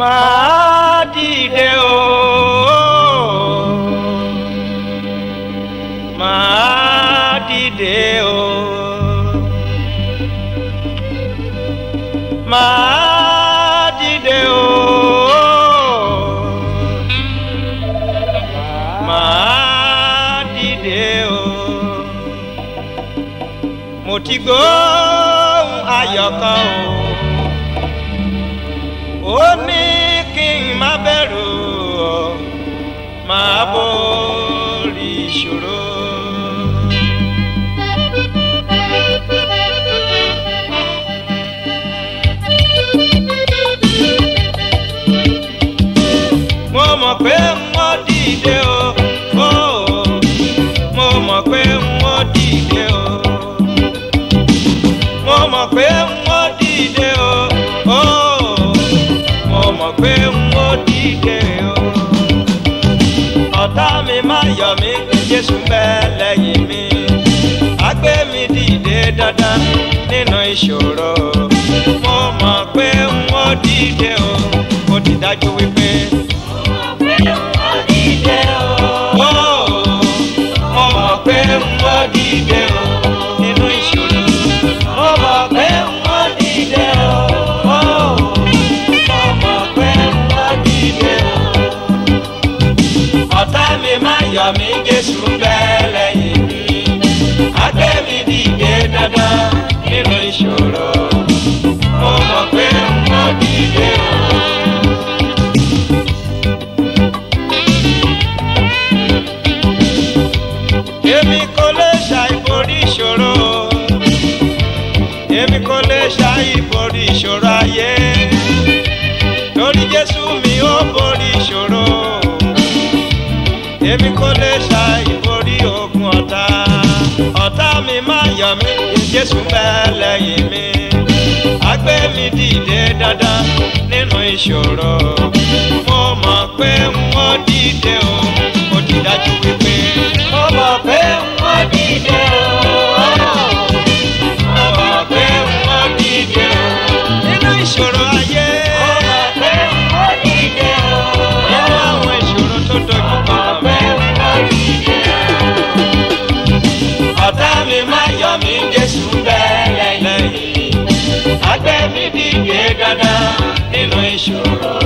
máa dìde o máa dìde o máa dìde o máa o. Jésù bẹ́ẹ̀ lẹ́yìn mi agbé mi dìde dandan nínú ìṣòro mo mọ̀ pé n ó dìde o ó ti dájú wípé. ọ̀tá mi má yọ̀ mí Jésù bẹ́ẹ̀ lẹ́yìn mi adé mi dìde dandan nínú ìṣòro mo mọ̀ pé n dìde o. èmi kò lè ṣàì borí ogun ọ̀tá ọ̀tá mi máa yọ̀ mí Jésù bẹ́ẹ̀ lẹ́yìn mi á gbé mi dìde dandan nínú ìṣòro. i e vai chorar.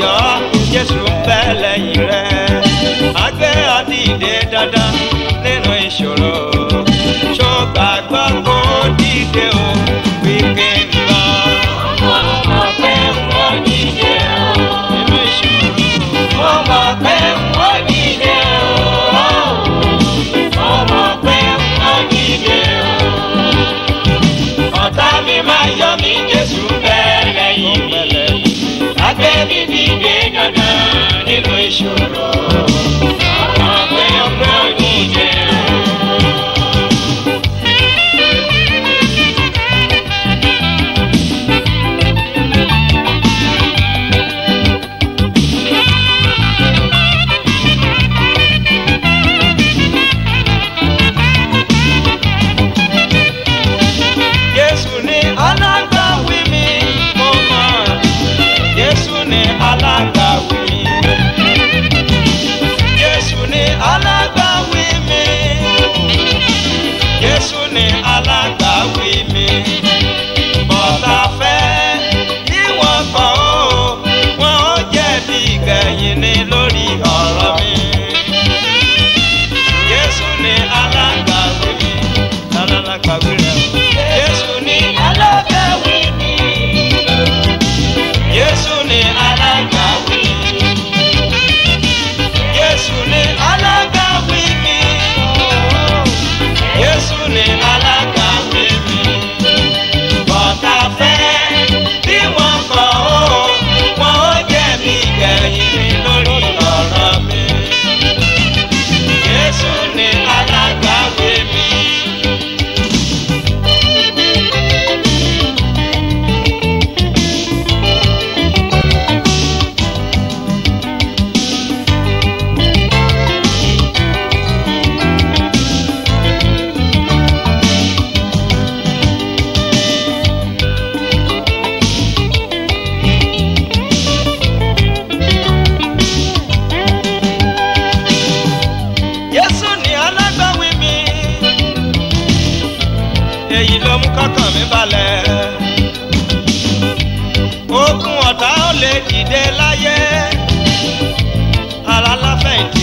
yọ̀ ọ́ Jésù ń bẹ lẹ́yìn rẹ̀ àgbẹ̀ àdìdẹ dandan nínú ìṣòro ṣọ́gbàgbọ́ kó dìde o wípé ń lọ. ọmọ ọmọ pé wọ́n dìde o nínú ìṣòro. ọmọ. ndinenyana nevaishoro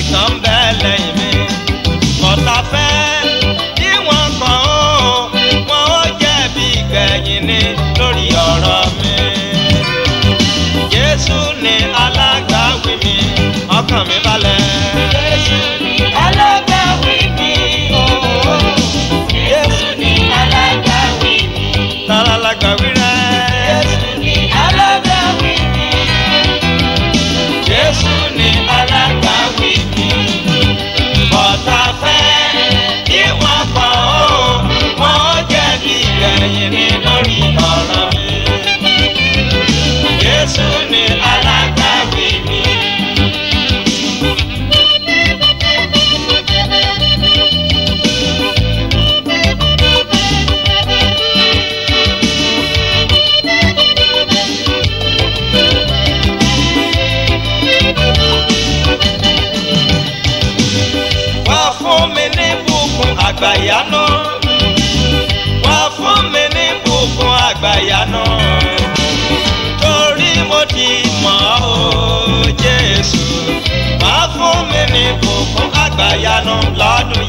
ìtàn bẹ́ẹ̀ lẹ́yìn mi kọ́tà fẹ́ bí wọ́n kàn ó wọ́n ó jẹ̀bi gbẹ̀yìn ni lórí ọ̀rọ̀ mi. Jésù ni alágbàwí mi ọkàn mi balẹ̀. àgbàyanu wá fún mi ní bùkún àgbàyanu torí mo ti mọ̀ ọ́ Jésù wá fún mi ní bùkún àgbàyanu lọ́dún yìí.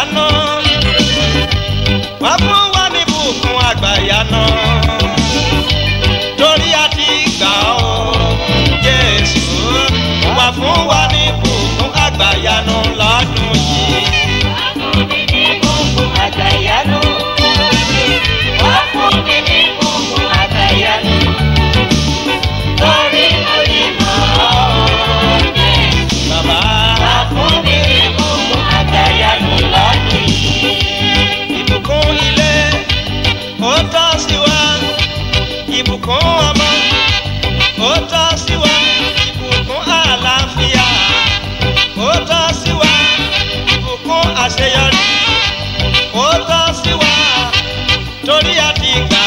àgbàyànà wàá fún wa ní bùkún àgbàyànà. ìbùkún ọmọ ó tọ́ sí wa ìbùkún àlàáfíà ó tọ́ sí wa ìbùkún àṣeyọrí ó tọ́ sí wa torí àti ìgbà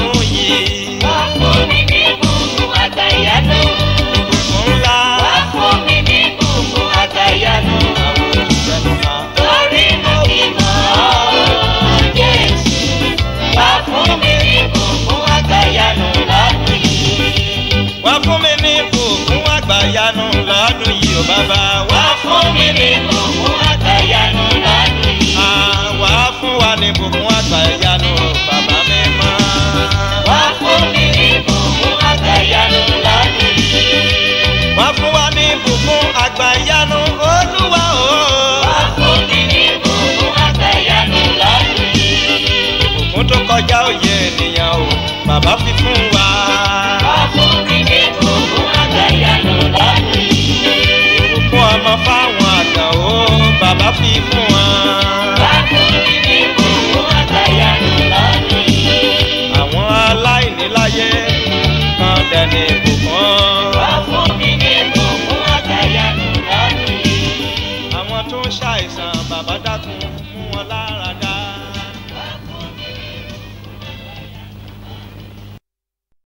ọ̀hún wá fún mi ní òkun àgbàyanu lọ́dún yìí ó bàbá. wá fún mi ní òkun àgbàyanu lọ́dún yìí. àwa fún wa ní òkun àgbàyanu bàbá mi mọ́. wá fún mi ní òkun àgbàyanu lọ́dún yìí. wá fún wa ní òkun àgbàyanu olú. 欺负啊！